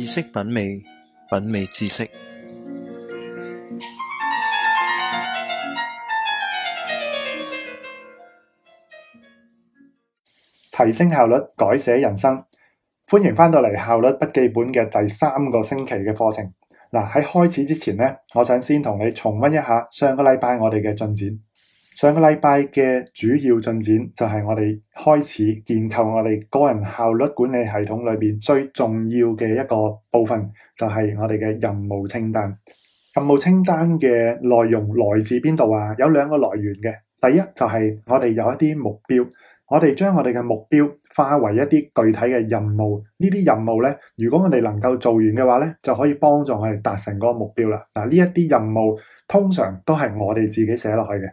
知識品味，品味知識，提升效率，改寫人生。歡迎翻到嚟效率筆記本嘅第三個星期嘅課程。嗱，喺開始之前咧，我想先同你重溫一下上個禮拜我哋嘅進展。上個禮拜嘅主要進展就係，我哋開始建構我哋個人效率管理系統裏面最重要嘅一個部分，就係我哋嘅任務清單。任務清單嘅內容來自邊度呀？有兩個來源嘅。第一就係我哋有一啲目標，我哋將我哋嘅目標化為一啲具體嘅任務。呢啲任務呢，如果我哋能夠做完嘅話呢，就可以幫助我哋達成嗰個目標喇。嗱，呢啲任務通常都係我哋自己寫落去嘅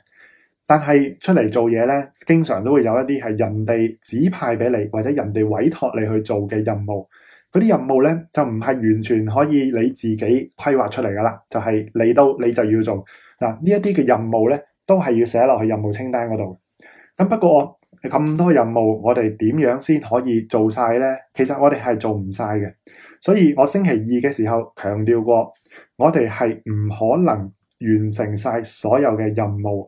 但係出嚟做嘢咧，經常都會有一啲係人哋指派俾你，或者人哋委託你去做嘅任務。嗰啲任務咧就唔係完全可以你自己規劃出嚟噶啦，就係、是、你到你就要做。嗱，呢一啲嘅任務咧，都係要寫落去任務清單嗰度。咁不過咁多任務，我哋點樣先可以做晒咧？其實我哋係做唔晒嘅，所以我星期二嘅時候強調過，我哋係唔可能完成晒所有嘅任務。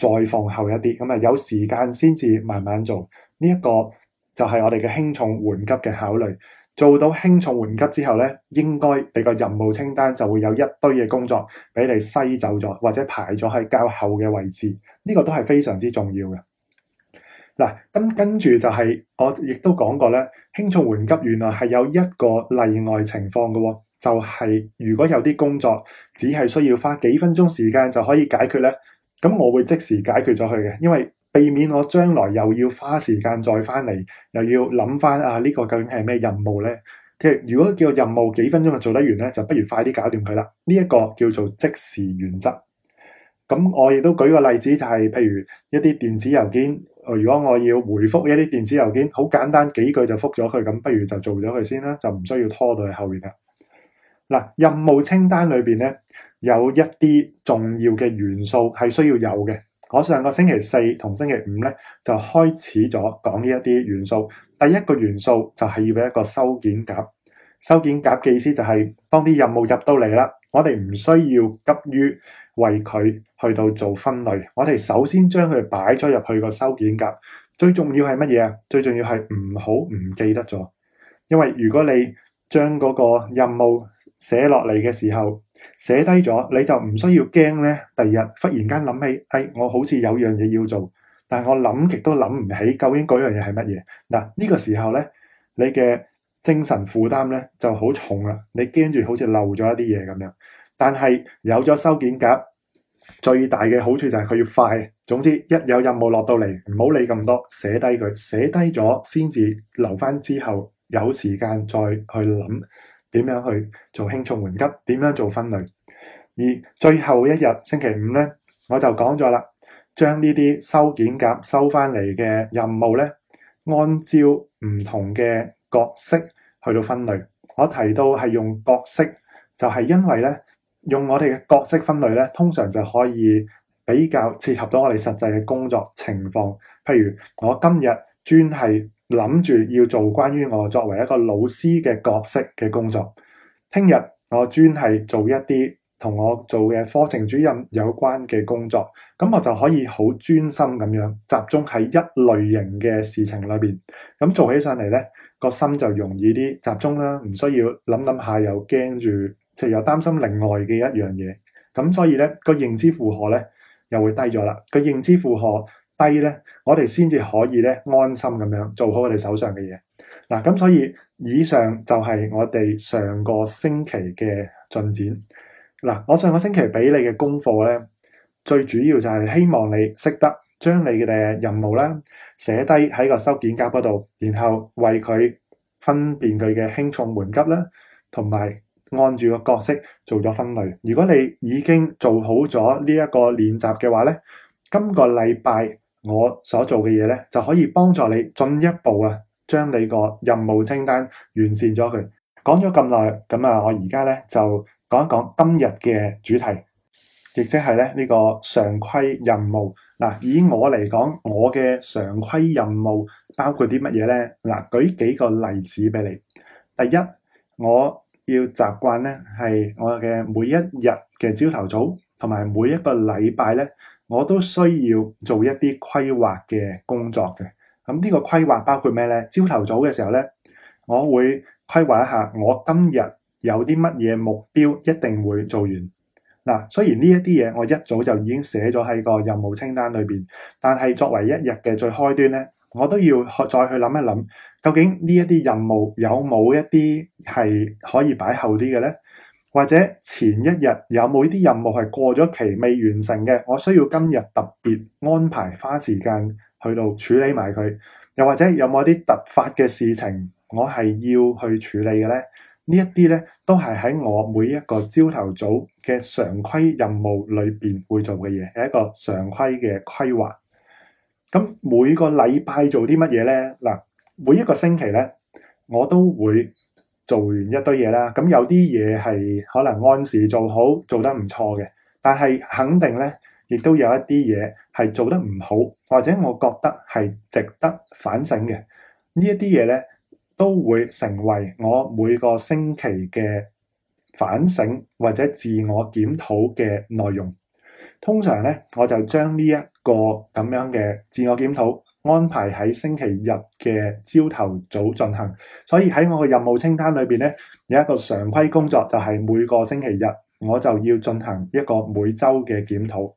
再放後一啲，咁啊有時間先至慢慢做。呢、這、一個就係我哋嘅輕重緩急嘅考慮。做到輕重緩急之後呢，應該你個任務清單就會有一堆嘅工作俾你篩走咗，或者排咗喺較後嘅位置。呢、這個都係非常之重要嘅。嗱，咁跟住就係、是、我亦都講過呢，輕重緩急原來係有一個例外情況嘅、哦，就係、是、如果有啲工作只係需要花幾分鐘時間就可以解決呢。咁我會即時解決咗佢嘅，因為避免我將來又要花時間再翻嚟，又要諗翻啊呢個究竟係咩任務呢。即係如果叫任務幾分鐘就做得完呢，就不如快啲搞掂佢啦。呢一個叫做即時原則。咁我亦都舉個例子，就係譬如一啲電子郵件，如果我要回覆一啲電子郵件，好簡單幾句就覆咗佢，咁不如就做咗佢先啦，就唔需要拖到去後面啦。嗱，任務清單裏邊咧有一啲重要嘅元素係需要有嘅。我上個星期四同星期五咧就開始咗講呢一啲元素。第一個元素就係要畀一個收件夾。收件夾嘅意思就係當啲任務入到嚟啦，我哋唔需要急於為佢去到做分類。我哋首先將佢擺咗入去個收件夾。最重要係乜嘢啊？最重要係唔好唔記得咗，因為如果你將嗰個任務寫落嚟嘅時候，寫低咗你就唔需要驚咧。第二日忽然間諗起，哎，我好似有樣嘢要做，但係我諗極都諗唔起，究竟嗰樣嘢係乜嘢？嗱，呢個時候咧，你嘅精神負擔咧就好重啦。你驚住好似漏咗一啲嘢咁樣，但係有咗收件夾，最大嘅好處就係佢要快。總之，一有任務落到嚟，唔好理咁多，寫低佢，寫低咗先至留翻之後。有時間再去諗點樣去做輕重緩急，點樣做分類。而最後一日星期五呢，我就講咗啦，將呢啲收件匣收翻嚟嘅任務呢，按照唔同嘅角色去到分類。我提到係用角色，就係因為呢用我哋嘅角色分類呢，通常就可以比較切合到我哋實際嘅工作情況。譬如我今日專係諗住要做關於我作為一個老師嘅角色嘅工作，聽日我專係做一啲同我做嘅課程主任有關嘅工作，咁我就可以好專心咁樣集中喺一類型嘅事情裏邊，咁做起上嚟呢個心就容易啲集中啦，唔需要諗諗下又驚住，即係又擔心另外嘅一樣嘢，咁所以呢個認知負荷呢，又會低咗啦，個認知負荷。低咧，我哋先至可以咧安心咁樣做好我哋手上嘅嘢。嗱，咁所以以上就係我哋上個星期嘅進展。嗱，我上個星期俾你嘅功課咧，最主要就係希望你識得將你嘅任務咧寫低喺個收件夾嗰度，然後為佢分辨佢嘅輕重緩急啦，同埋按住個角色做咗分類。如果你已經做好咗呢一個練習嘅話咧，今個禮拜，我所做嘅嘢咧，就可以幫助你進一步啊，將你個任務清單完善咗佢。講咗咁耐，咁啊，我而家咧就講一講今日嘅主題，亦即係咧呢個常規任務。嗱，以我嚟講，我嘅常規任務包括啲乜嘢咧？嗱，舉幾個例子俾你。第一，我要習慣咧係我嘅每一日嘅朝頭早，同埋每一個禮拜咧，我都需要做一啲規劃嘅工作嘅。咁呢個規劃包括咩咧？朝頭早嘅時候咧，我會規劃一下我今日有啲乜嘢目標一定會做完。嗱，雖然呢一啲嘢我一早就已經寫咗喺個任務清單裏邊，但係作為一日嘅最開端咧，我都要再去諗一諗，究竟呢一啲任務有冇一啲係可以擺後啲嘅咧？或者前一日有冇啲任務係過咗期未完成嘅？我需要今日特別安排花時間去到處理埋佢。又或者有冇啲突發嘅事情，我係要去處理嘅咧？呢一啲咧都係喺我每一個朝頭早嘅常規任務裏邊會做嘅嘢，係一個常規嘅規劃。咁每個禮拜做啲乜嘢咧？嗱，每一個星期咧，我都會。做完一堆嘢啦，咁有啲嘢係可能按時做好，做得唔錯嘅，但係肯定呢，亦都有一啲嘢係做得唔好，或者我覺得係值得反省嘅。呢一啲嘢呢都會成為我每個星期嘅反省或者自我檢討嘅內容。通常呢，我就將呢一個咁樣嘅自我檢討安排喺星期日嘅朝頭早進行，所以喺我嘅任務清單裏邊咧，有一個常規工作就係每個星期日我就要進行一個每周嘅檢討。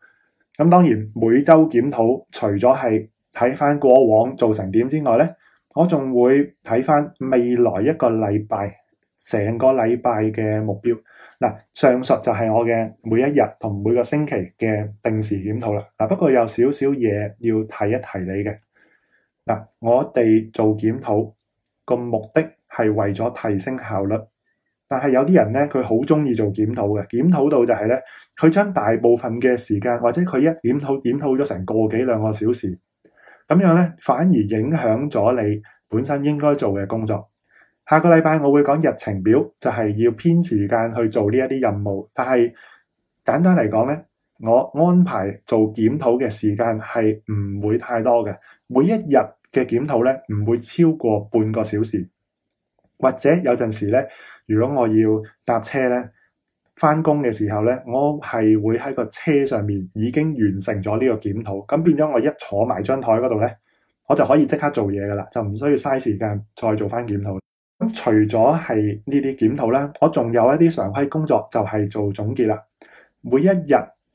咁當然每周檢討除咗係睇翻過往做成點之外咧，我仲會睇翻未來一個禮拜成個禮拜嘅目標嗱。上述就係我嘅每一日同每個星期嘅定時檢討啦嗱。不過有少少嘢要提一提你嘅。嗱，我哋做檢討個目的係為咗提升效率，但係有啲人咧，佢好中意做檢討嘅，檢討到就係咧，佢將大部分嘅時間或者佢一檢討檢討咗成個幾兩個小時，咁樣咧反而影響咗你本身應該做嘅工作。下個禮拜我會講日程表，就係要編時間去做呢一啲任務，但係簡單嚟講咧。我安排做檢討嘅時間係唔會太多嘅，每一日嘅檢討咧唔會超過半個小時。或者有陣時咧，如果我要搭車咧翻工嘅時候咧，我係會喺個車上面已經完成咗呢個檢討，咁變咗我一坐埋張台嗰度咧，我就可以即刻做嘢噶啦，就唔需要嘥時間再做翻檢討。咁除咗係呢啲檢討咧，我仲有一啲常規工作就係做總結啦，每一日。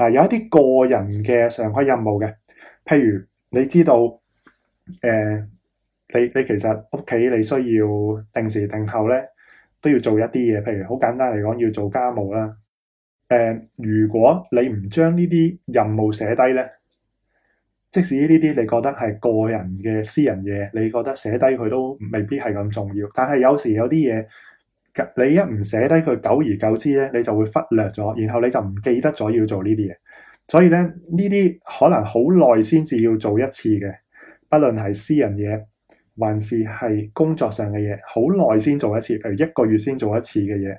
嗱、啊，有一啲個人嘅常規任務嘅，譬如你知道，誒、呃，你你其實屋企你需要定時定候咧，都要做一啲嘢。譬如好簡單嚟講，要做家務啦。誒、呃，如果你唔將呢啲任務寫低咧，即使呢啲你覺得係個人嘅私人嘢，你覺得寫低佢都未必係咁重要。但係有時有啲嘢，你一唔寫低佢，久而久之咧，你就會忽略咗，然後你就唔記得咗要做呢啲嘢。所以咧，呢啲可能好耐先至要做一次嘅，不論係私人嘢，還是係工作上嘅嘢，好耐先做一次，譬如一個月先做一次嘅嘢，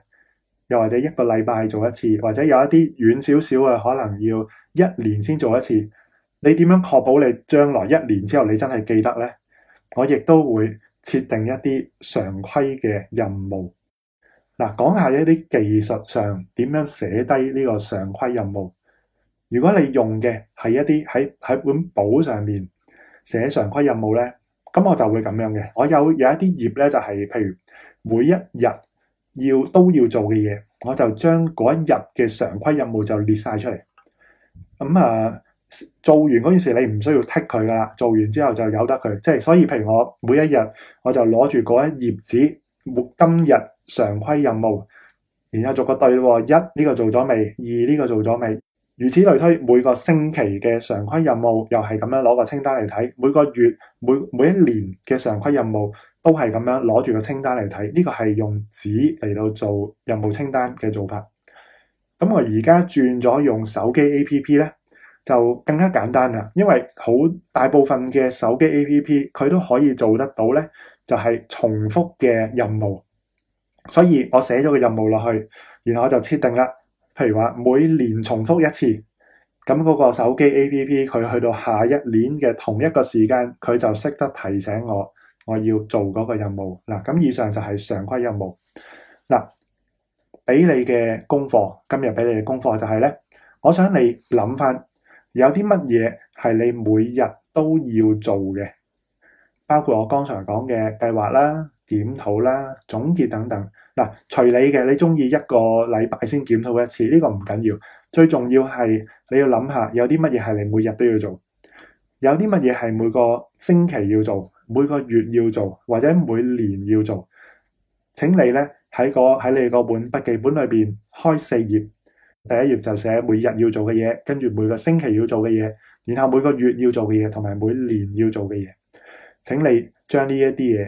又或者一個禮拜做一次，或者有一啲遠少少嘅，可能要一年先做一次。你點樣確保你將來一年之後你真係記得呢？我亦都會設定一啲常規嘅任務。嗱，講下一啲技術上點樣寫低呢個常規任務。如果你用嘅係一啲喺喺本簿上面寫常規任務咧，咁我就會咁樣嘅。我有有一啲頁咧，就係、是、譬如每一日要都要做嘅嘢，我就將嗰一日嘅常規任務就列晒出嚟。咁、嗯、啊，做完嗰件事你唔需要剔佢噶啦，做完之後就由得佢。即係所以，譬如我每一日我就攞住嗰一頁紙，每今日。常規任務，然後逐個對話，一，呢個做咗未？二，呢個做咗未？如此類推，每個星期嘅常規任務又係咁樣攞個清單嚟睇，每個月、每每一年嘅常規任務都係咁樣攞住個清單嚟睇。呢個係用紙嚟到做任務清單嘅做法。咁我而家轉咗用手機 A P P 咧，就更加簡單啦，因為好大部分嘅手機 A P P 佢都可以做得到咧，就係重複嘅任務。所以我寫咗個任務落去，然後我就設定啦。譬如話每年重複一次，咁嗰個手機 App 佢去到下一年嘅同一個時間，佢就識得提醒我我要做嗰個任務。嗱，咁以上就係常規任務。嗱，俾你嘅功課，今日俾你嘅功課就係咧，我想你諗翻有啲乜嘢係你每日都要做嘅，包括我剛才講嘅計劃啦。檢討啦、總結等等。嗱，隨你嘅，你中意一個禮拜先檢討一次，呢個唔緊要，最重要係你要諗下有啲乜嘢係你每日都要做，有啲乜嘢係每個星期要做、每個月要做或者每年要做。請你呢，喺個喺你個本筆記本裏邊開四頁，第一頁就寫每日要做嘅嘢，跟住每個星期要做嘅嘢，然後每個月要做嘅嘢同埋每年要做嘅嘢。請你將呢一啲嘢。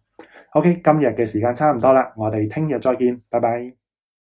OK，今日嘅時間差唔多啦，我哋聽日再見，拜拜。